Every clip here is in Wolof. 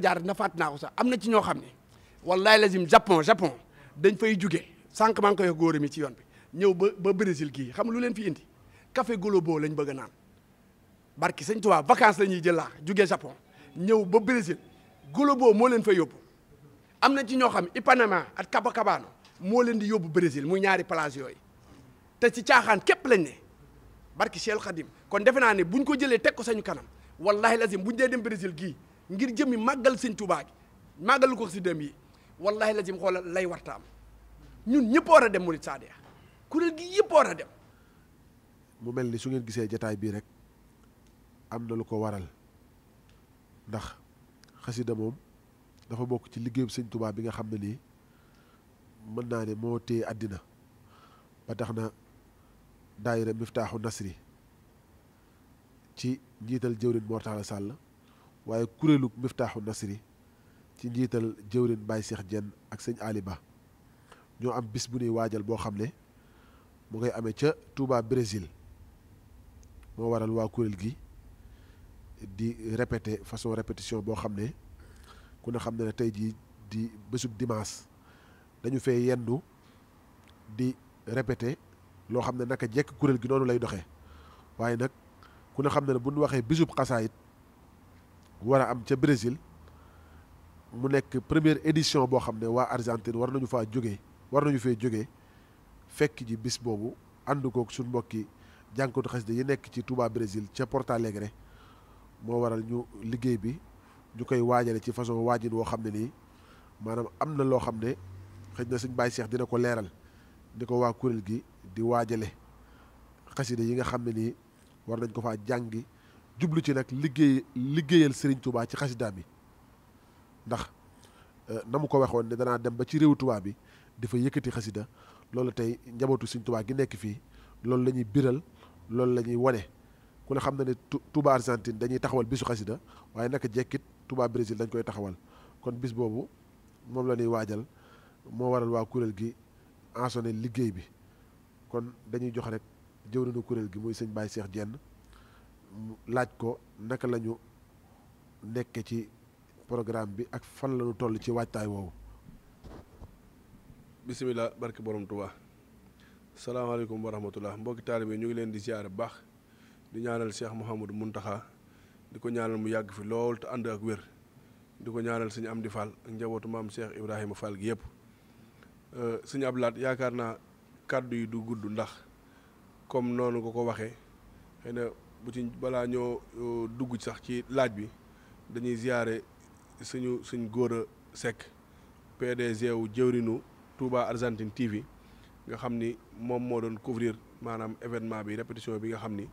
jaar dina fàtt naa ko sax am na ci ñoo xam ne wallahi lazim japon japon dañ fay juge sànq maa ngi koy góor mi ci yoon bi ñëw ba ba Brésil gii xam lu leen fi indi golo Golobo lañ bëgg a naan barki sañ Tuubaa vacances la ñuy jël laa jugee Japon ñëw ba Brésil Golobo moo leen fay yóbbu am na ci ñoo xam Ipanema ak Copacabana moo leen di yóbbu Brésil muy ñaari plage yooyu te ci caaxaan képp lañ ne barki Cheikh Khadim kon defe naa ne buñ ko jëlee teg ko sañu kanam wallahi lazim buñ dee dem Brésil gii ngir jëmmi màggal sëñ Tuubaa gi màggal ko si dem yi wallahi lazim xoolal lay warta am ñun ñëpp war a dem murid saadiya kuréel gi yëpp war a dem mu mel ni su ngeen gisee jataay bii rek am na lu ko waral ndax xasida moom dafa bokk ci liggéeyu sëñ Tuubaa bi nga xam ne nii mën naa ne moo téye àddina ba tax na daayira Miftaaxu Nasri ci njiital jëwrin Mor Talla Sall waaye kuréelu miftaaxu nasri ci njiital jëwrin Baye Cheikh Dieng ak sëñ Ali Ba ñoo am bis bu ñuy waajal boo xam ne mu ngay ame ca Touba Brésil moo waral waa kuréel gi di répété façon répétition boo xam ne ku ne xam ne ne tey jii di bésub dimanche dañu fee yendu di répété loo xam ne naka jekk kuréel gi noonu lay doxee waaye nag ku ne xam ne ne bu ñu waxee bésub xasaayit war a am ca Brésil mu nekk première édition boo xam ne waa Argentine war nañu faa jóge war nañu fee jóge fekk ji bis boobu ànd koog suñ mbokki jànkatu xasida yi nekk ci Touba Brésil ca Porto Alegre moo waral ñu liggéey bi ñu koy waajale ci façon waajin woo xam ne nii maanaam am na loo xam ne xëy na suñ baay Cheikh dina ko leeral ni ko waa kuréel gi di waajale xasida yi nga xam ne nii war nañ ko faa jàngi jublu ci nag liggéey liggéeyal Serigne tubaa ci xasidaa bi ndax euh, na mu ko waxoon ne danaa dem ba ci réewu Touba bi dafa yëkkati xasida loolu tey njabootu Serigne Touba gi nekk fii loolu la ñuy biral loolu la ñuy wane ku ne xam na ne Touba Argentine dañuy taxawal bisu xasida waaye naka jekkit Touba Brésil dañ koy taxawal kon bis boobu moom la ñuy waajal moo waral waa kuréel gi ensonné liggéey bi kon dañuy jox rek nu kuréel gi muy sëñ Baye Cheikh Diène laaj ko naka la ñu nekke ci programme bi ak fan la ñu toll ci waajtaay woowu bisimila barke boroom Tuubaa salaamaaleykum wa rahmatullah mbokki taalibe ñu ngi leen di ziare bu baax di ñaanal Cheikh Mouhamadou Mountakha di ko ñaanal mu yàgg fi lool te ànd ak wér di ko ñaanal suñu Amdi Fall ak njabootu maam Cheikh Ibrahima Fall gi yëpp suñu ablaat yaakaar naa kàddu yi du gudd ndax comme noonu ko ko waxee bu ci balaa ñoo euh, dugg sax ci laaj bi dañuy ziyaare suñu suñ góor a Seck PDG wu jëwrinu Touba Argentine TV nga xam ni moom moo doon couvrir maanaam événement bi répétition bi nga xam ni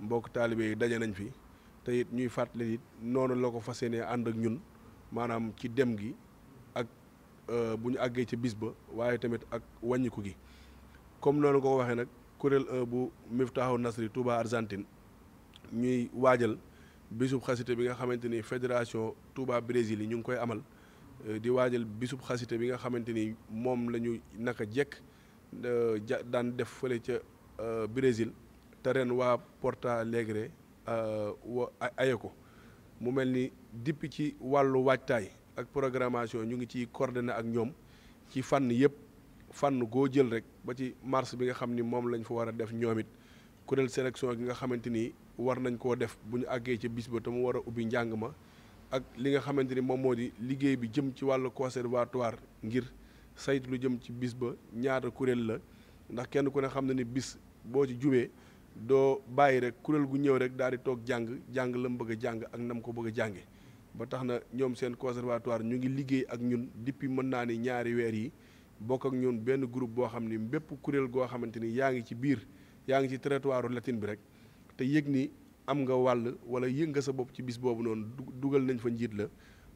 mbokk taalibe yi daje nañ fi te it ñuy fàttali it noonu la ko fas yéenee ànd ak ñun maanaam ci dem gi ak euh, bu ñu àggee ci bis ba waaye tamit ak wàññiku gi comme noonu ko waxee nag kuréel 1 bu Miftahou Nasri Touba Argentine ñuy waajal bisub xasité bi nga xamante ni fédération Touba Brésil yi ñu ngi koy amal euh, di waajal bisub xasité bi nga xamante ni moom la ñu naka jekk euh, ja daan def fële ca euh, Brésil te ren waa Porto Alegre wa aye ko mu mel ni dippi ci wàllu waajtaay ak programmation ñu ngi ciy coordonné ak ñoom ci fànn yëpp fànn koo jël rek ba ci mars bi nga xam ni moom lañ fa war a def ñoom it kuréel sélection gi nga xamante ni war nañ koo def bu ñu àggee ci bis ba te mu war a ubbi njàng ma ak li nga xamante ni moom moo di liggéey bi jëm ci wàllu conservatoire ngir saytu lu jëm ci bis ba ñaata kuréel la ndax kenn ku ne xam na ni bis boo ci jubee doo bàyyi rek kuréel gu ñëw rek daal di toog jàng jàng la mu bëgg a jàng ak nam ko bëgg a jànge ba tax na ñoom seen conservatoire ñu ngi liggéey ak ñun depuis mën naa ni ñaari weer yi bokk ak ñun benn groupe boo xam ni bépp kuréel goo xamante ni yaa ngi ci biir yaa ngi ci trottoiru Latine bi rek te yëg ni am nga wàll wala yëg nga sa bopp ci bis boobu noonu dug dugal nañ fa njiit la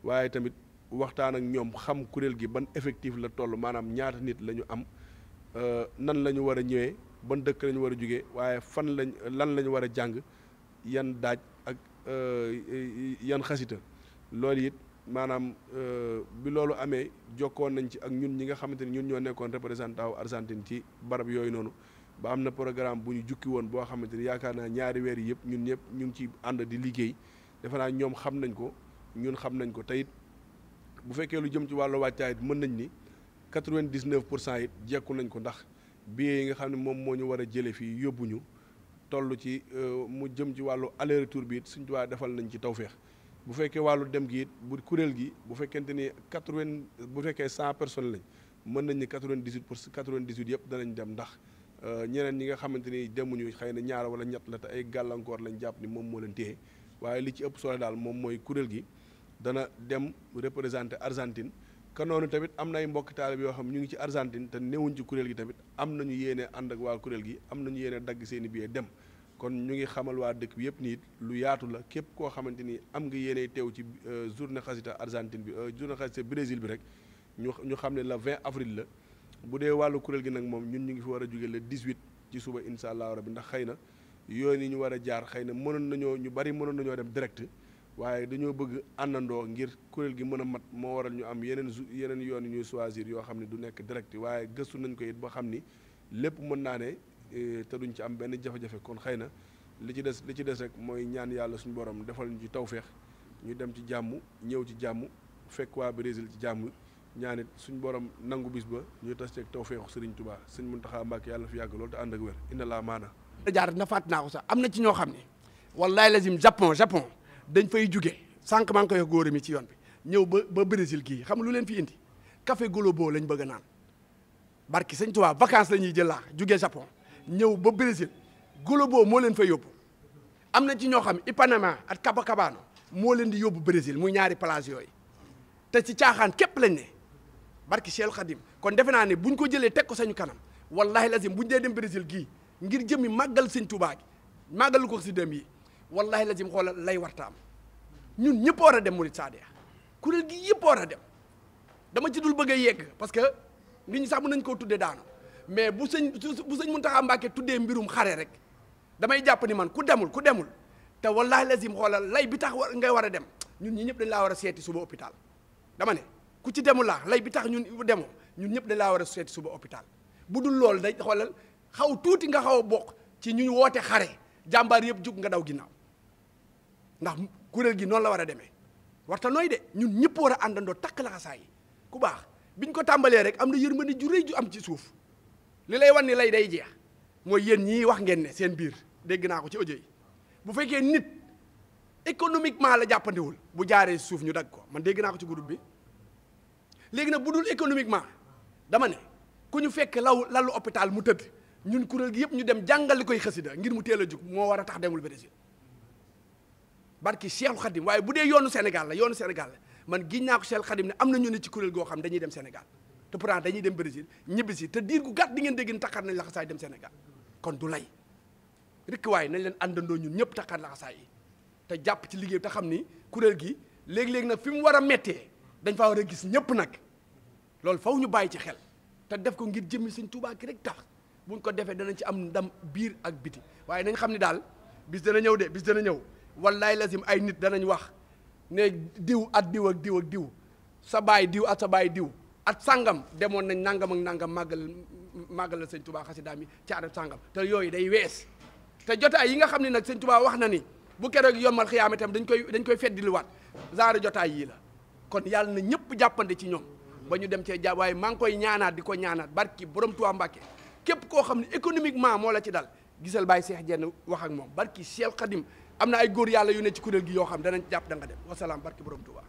waaye tamit waxtaan ak ñoom xam kuréel gi ban effective la toll maanaam ñaata nit la ñu am euh, nan la ñu war a ñëwee ban dëkk la ñu war a jógee waaye fan lañ lan la war a jàng yan daaj ak euh, yan xasita loolu it maanaam euh, bi loolu amee jokkoon nañ ci ak ñun ñi nga xamante ni ñun ñoo nekkoon représentant wu Argentine ci barab yooyu noonu ba am na programme bu ñu jukki woon boo xamante ni yaakaar naa ñaari weer yi yëpp ñun ñëpp ñu ngi ci ànd di liggéey defe naa ñoom xam nañ ko ñun xam nañ ko teyit bu fekkee lu jëm ci wàllu wàccaay it mën nañ ni 99 pour cent it jekku nañ ko ndax billets yi nga xam ne moom moo ñu war a jëlee fii yóbbu ñu toll ci euh, mu jëm ci wàllu aller retour bi it suñ tubaab defal nañ ci tawféex bu fekkee wàllu dem gi it bu kuréel gi bu fekkente ni 80 bu fekkee 100 personnes lañ mën nañ ni 98 pour 98 yëpp danañ dem ndax. Euh, ñeneen ñi nga xamante ni demuñu xëy na ñaar wala ñett la te ay gàllankoor lañ jàpp ni moom moo leen téye waaye li ci ëpp solo daal moom mooy kuréel gi dana dem représenter Argentine ka noonu tamit am na ay mbokk taalib yoo xam ñu ngi ci Argentine te newuñ ci kuréel gi tamit am nañu yéene ànd ak waa kuréel gi am nañu yéene dagg seen i dem kon ñu ngi xamal waa dëkk bi yëpp niit lu yaatu la képp koo xamante ni am nga yéene teew ci euh, journée xasida Argentine bi euh, journée xasida Brésil bi rek ñu ñu xam ne la 20 avril la bu dee wàllu kuréel gi nag moom ñun ñu ngi fi war a jóge le 18 ci suba incha allahu rabi ndax xëy na yoon yi ñu war a jaar xëy na mënoon nañoo ñu bari mënoon nañoo dem direct waaye dañoo bëgg àndandoo ngir kuréel gi mën a mat moo waral ñu am yeneen yeneen yoon yi ñuy choisir yoo xam ne du nekk direct waaye gëstu nañ ko it ba xam ni lépp mën naa ne e, te duñ ci am benn jafe-jafe kon xëy na li ci des li ci des rek mooy ñaan yàlla suñu borom defal ñu ci tawféex ñu dem ci jàmm ñëw ci jàmm fekk waa ci jàmm. ñaanit suñ borom nangu bis ba ñuy tas ceeg tawfeexu sëriñ Tuubaa sëñ Muntaxa Mbàkke yàlla fi yàgg loolu te ànd ak wér inna laa maana jaar na fàtt naa ko sax am na ci ñoo xam ne wallahi lazim japon japon dañ fay jugee sànq maa ngi koy wax góor mi ci yoon bi ñëw ba ba Brésil gii xam lu leen fi indi café Golobo lañ bëgg naan barki sëñ Tuubaa vacances la ñuy jël laa jugee japon ñëw ba Brésil Golobo moo leen fay yóbbu am na ci ñoo xam Ipanema ak Copacabana moo leen di yóbbu Brésil muy ñaari plage yooyu te ci caaxaan képp lañ ne barki Cheikh Khadim kon defe naa ne buñ ko jëlee teg ko sañu kanam wallahi bu buñ dee dem Brésil gii ngir jëmmi màggal sëñ Tuubaa gi màggal ko si dem yi wallahi lazim xoolal lay warta am ñun ñëpp war a dem Murid Sadia kuréel gi yëpp war a dem dama ci bëgg a yegg parce que nit ñi sax nañ koo tuddee daanu mais bu sëñ bu sëñ Muntaxa Mbàkke tuddee mbirum xare rek damay jàpp ni man ku demul ku demul te wallahi lazim xoolal lay bi tax ngay war a dem ñun ñi ñëpp dañ laa war a seeti suba hôpital dama ne ku ci demul laa lay bi tax ñun demoo ñun ñëpp da laa war a seeti suba hôpital bu dul loolu day xoolal xaw tuuti nga xaw a bokk ci ñu woote xare jàmbaar yëpp jug nga daw ginnaaw ndax kuréel gi noonu la war a demee warta nooy de ñun ñëpp war a àndandoo takk laxasaay yi ku baax biñ ko tàmbalee rek am na yërmande ju rëy ju am ci suuf li lay wan ni lay day jeex mooy yéen ñii wax ngeen ne seen biir dégg naa ko ci audio bu fekkee nit économiquement la jàppandiwul bu jaaree suuf ñu dagg ko man dégg naa ko ci groupe bi léegi nag bu dul économiquement dama ne ku ñu fekk law lalu hôpital mu tëdd ñun kuréel gi yëpp ñu dem jàngali koy xasida ngir mu teel a jug moo war a tax demul Brésil barki Cheikh Khadim waaye bu dee yoonu Sénégal la yoonu Sénégal man giñ naa ko Cheikh Khadim ne am na ñu ne ci kuréel goo xam dañuy dem Sénégal te pourtant dañuy dem Brésil ñibbi si te diir gu gàtt di ngeen dégg taxaar nañ laxasaay dem Sénégal kon du lay rek waaye nañ leen àndandoo ñun ñëpp taxaar te jàpp ci liggéey te xam ni kuréel gi léegi-léegi nag fi mu war a méttee dañ faa war a gis ñëpp nag loolu faw ñu bàyyi ci xel te def ko ngir jëmmi sëñ Tuubaa ki rek tax buñ ko defee danañ ci am ndam biir ak biti waaye nañ xam ni daal bis dana ñëw de bis dana ñëw wallaay lazim ay nit danañ wax ne diw at diw ak diw ak diw sa baay diw at sa baay diw at sàngam demoon nañ nangam ak nangam màggal màggal la sëñ Tuubaa xasidaam yi ci arab sàngam te yooyu day wees te jotaay yi nga xam ne nag sëñ tubaa wax na ni bu keroog yombal xiyaama itam dañ koy dañ koy feddiliwaat genre jotaay yii la kon yàlla na ñëpp jàppande ci ñoom ba ñu dem cee jàpp waaye maa ngi koy ñaanaat di ko ñaanaat barki borom Tuubaa Mbàkke képp koo xam ne économiquement moo la ci dal gisal Baye Cheikh Diène wax ak moom barki Cheikh Khadim am na ay góor yàlla yu ne ci kuréel gi yoo xam danañ jàpp da nga dem wasalaam barki borom Tuubaa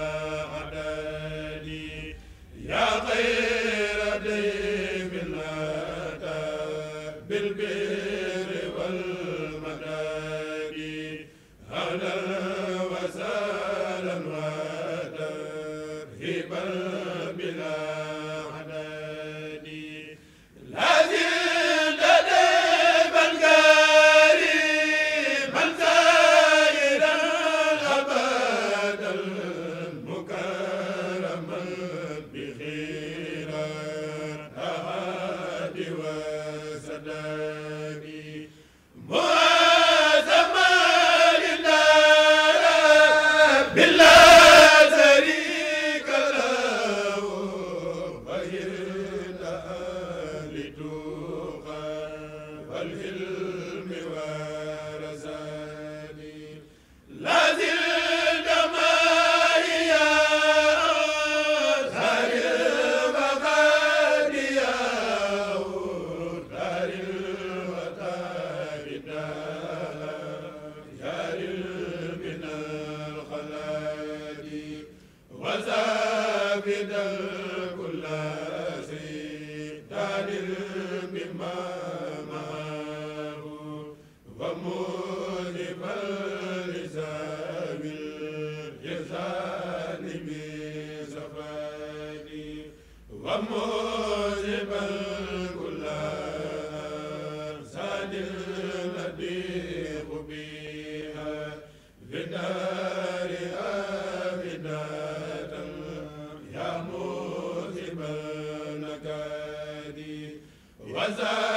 wa